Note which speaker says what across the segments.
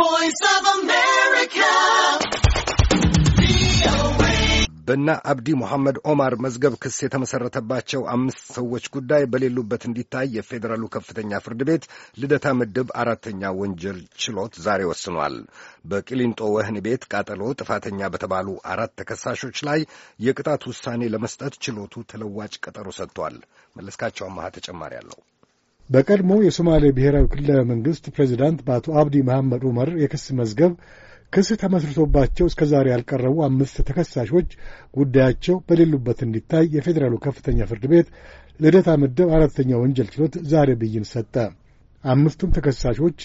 Speaker 1: voice of America. በእነ አብዲ ሙሐመድ ኦማር መዝገብ ክስ የተመሰረተባቸው አምስት ሰዎች ጉዳይ በሌሉበት እንዲታይ የፌዴራሉ ከፍተኛ ፍርድ ቤት ልደታ ምድብ አራተኛ ወንጀል ችሎት ዛሬ ወስኗል። በቅሊንጦ ወህኒ ቤት ቃጠሎ ጥፋተኛ በተባሉ አራት ተከሳሾች ላይ የቅጣት ውሳኔ ለመስጠት ችሎቱ ተለዋጭ ቀጠሮ ሰጥቷል። መለስካቸው አማሃ ተጨማሪ አለው።
Speaker 2: በቀድሞ የሶማሌ ብሔራዊ ክልላዊ መንግሥት ፕሬዚዳንት በአቶ አብዲ መሐመድ ዑመር የክስ መዝገብ ክስ ተመስርቶባቸው እስከ ዛሬ ያልቀረቡ አምስት ተከሳሾች ጉዳያቸው በሌሉበት እንዲታይ የፌዴራሉ ከፍተኛ ፍርድ ቤት ልደታ ምድብ አራተኛ ወንጀል ችሎት ዛሬ ብይን ሰጠ። አምስቱም ተከሳሾች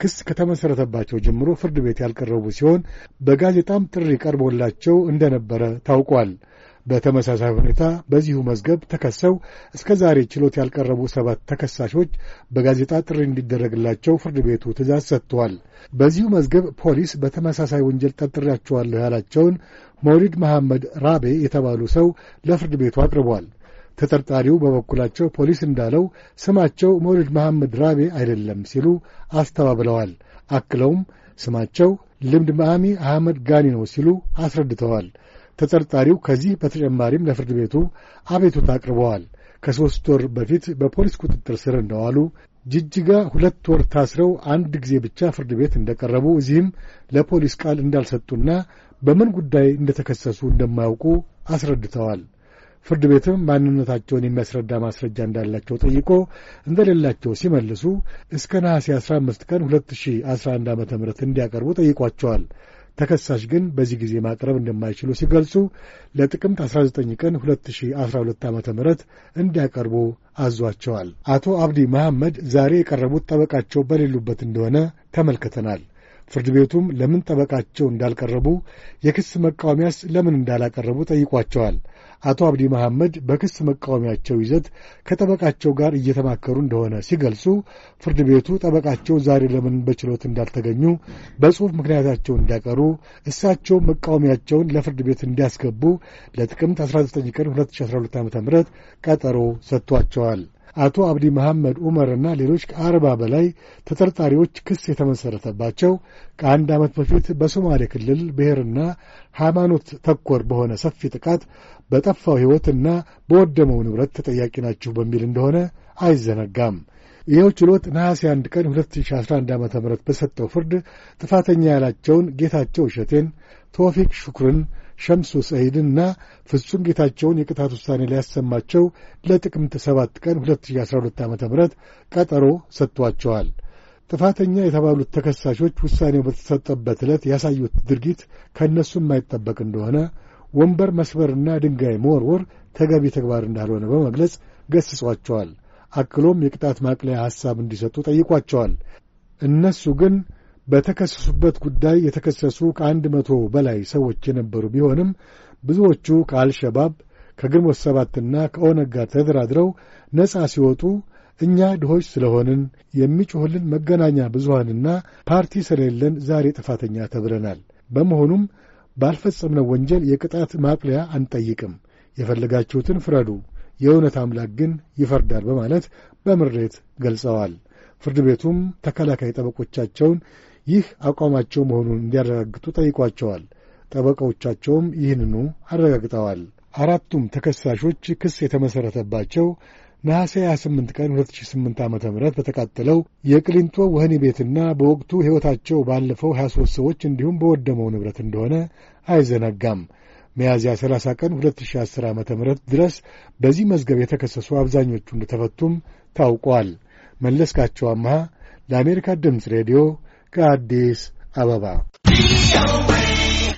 Speaker 2: ክስ ከተመሠረተባቸው ጀምሮ ፍርድ ቤት ያልቀረቡ ሲሆን በጋዜጣም ጥሪ ቀርቦላቸው እንደነበረ ታውቋል። በተመሳሳይ ሁኔታ በዚሁ መዝገብ ተከሰው እስከ ዛሬ ችሎት ያልቀረቡ ሰባት ተከሳሾች በጋዜጣ ጥሪ እንዲደረግላቸው ፍርድ ቤቱ ትእዛዝ ሰጥቷል። በዚሁ መዝገብ ፖሊስ በተመሳሳይ ወንጀል ጠርጥሬያቸዋለሁ ያላቸውን መውሊድ መሐመድ ራቤ የተባሉ ሰው ለፍርድ ቤቱ አቅርቧል። ተጠርጣሪው በበኩላቸው ፖሊስ እንዳለው ስማቸው መውሊድ መሐመድ ራቤ አይደለም ሲሉ አስተባብለዋል። አክለውም ስማቸው ልምድ መአሚ አህመድ ጋኒ ነው ሲሉ አስረድተዋል። ተጠርጣሪው ከዚህ በተጨማሪም ለፍርድ ቤቱ አቤቱታ አቅርበዋል። ከሦስት ወር በፊት በፖሊስ ቁጥጥር ስር እንደዋሉ ጅጅጋ ሁለት ወር ታስረው አንድ ጊዜ ብቻ ፍርድ ቤት እንደቀረቡ እዚህም ለፖሊስ ቃል እንዳልሰጡና በምን ጉዳይ እንደተከሰሱ እንደማያውቁ አስረድተዋል። ፍርድ ቤትም ማንነታቸውን የሚያስረዳ ማስረጃ እንዳላቸው ጠይቆ እንደሌላቸው ሲመልሱ እስከ ነሐሴ 15 ቀን 2011 ዓ ም እንዲያቀርቡ ጠይቋቸዋል። ተከሳሽ ግን በዚህ ጊዜ ማቅረብ እንደማይችሉ ሲገልጹ ለጥቅምት 19 ቀን 2012 ዓ ም እንዲያቀርቡ አዟቸዋል። አቶ አብዲ መሐመድ ዛሬ የቀረቡት ጠበቃቸው በሌሉበት እንደሆነ ተመልክተናል። ፍርድ ቤቱም ለምን ጠበቃቸው እንዳልቀረቡ፣ የክስ መቃወሚያስ ለምን እንዳላቀረቡ ጠይቋቸዋል። አቶ አብዲ መሐመድ በክስ መቃወሚያቸው ይዘት ከጠበቃቸው ጋር እየተማከሩ እንደሆነ ሲገልጹ ፍርድ ቤቱ ጠበቃቸው ዛሬ ለምን በችሎት እንዳልተገኙ በጽሑፍ ምክንያታቸው እንዲያቀሩ እሳቸው መቃወሚያቸውን ለፍርድ ቤት እንዲያስገቡ ለጥቅምት 19 ቀን 2012 ዓ ም ቀጠሮ ሰጥቷቸዋል። አቶ አብዲ መሐመድ ዑመርና ሌሎች ከአርባ በላይ ተጠርጣሪዎች ክስ የተመሠረተባቸው ከአንድ ዓመት በፊት በሶማሌ ክልል ብሔርና ሃይማኖት ተኮር በሆነ ሰፊ ጥቃት በጠፋው ሕይወትና በወደመው ንብረት ተጠያቂ ናችሁ በሚል እንደሆነ አይዘነጋም። ይኸው ችሎት ነሐሴ 1 ቀን 2011 ዓ ም በሰጠው ፍርድ ጥፋተኛ ያላቸውን ጌታቸው እሸቴን፣ ተወፊቅ ሹክርን ሸምሱ ሰሂድና ፍጹም ጌታቸውን የቅጣት ውሳኔ ሊያሰማቸው ለጥቅምት 7 ቀን 2012 ዓ ም ቀጠሮ ሰጥቷቸዋል። ጥፋተኛ የተባሉት ተከሳሾች ውሳኔው በተሰጠበት ዕለት ያሳዩት ድርጊት ከእነሱ የማይጠበቅ እንደሆነ፣ ወንበር መስበርና ድንጋይ መወርወር ተገቢ ተግባር እንዳልሆነ በመግለጽ ገስጿቸዋል። አክሎም የቅጣት ማቅለያ ሐሳብ እንዲሰጡ ጠይቋቸዋል። እነሱ ግን በተከሰሱበት ጉዳይ የተከሰሱ ከአንድ መቶ በላይ ሰዎች የነበሩ ቢሆንም ብዙዎቹ ከአልሸባብ ከግንቦት ሰባትና ከኦነግ ጋር ተደራድረው ነፃ ሲወጡ እኛ ድሆች ስለሆንን የሚጮህልን መገናኛ ብዙሃንና ፓርቲ ስለሌለን ዛሬ ጥፋተኛ ተብለናል። በመሆኑም ባልፈጸምነው ወንጀል የቅጣት ማቅለያ አንጠይቅም። የፈለጋችሁትን ፍረዱ፣ የእውነት አምላክ ግን ይፈርዳል በማለት በምሬት ገልጸዋል። ፍርድ ቤቱም ተከላካይ ጠበቆቻቸውን ይህ አቋማቸው መሆኑን እንዲያረጋግጡ ጠይቋቸዋል። ጠበቃዎቻቸውም ይህንኑ አረጋግጠዋል። አራቱም ተከሳሾች ክስ የተመሠረተባቸው ነሐሴ 28 ቀን 2008 ዓ ም በተቃጠለው የቅሊንጦ ወህኒ ቤትና በወቅቱ ሕይወታቸው ባለፈው 23 ሰዎች እንዲሁም በወደመው ንብረት እንደሆነ አይዘነጋም። ሚያዝያ 30 ቀን 2010 ዓ ም ድረስ በዚህ መዝገብ የተከሰሱ አብዛኞቹ እንደተፈቱም ታውቋል። መለስካቸው አምሃ ለአሜሪካ ድምፅ ሬዲዮ ከአዲስ አበባ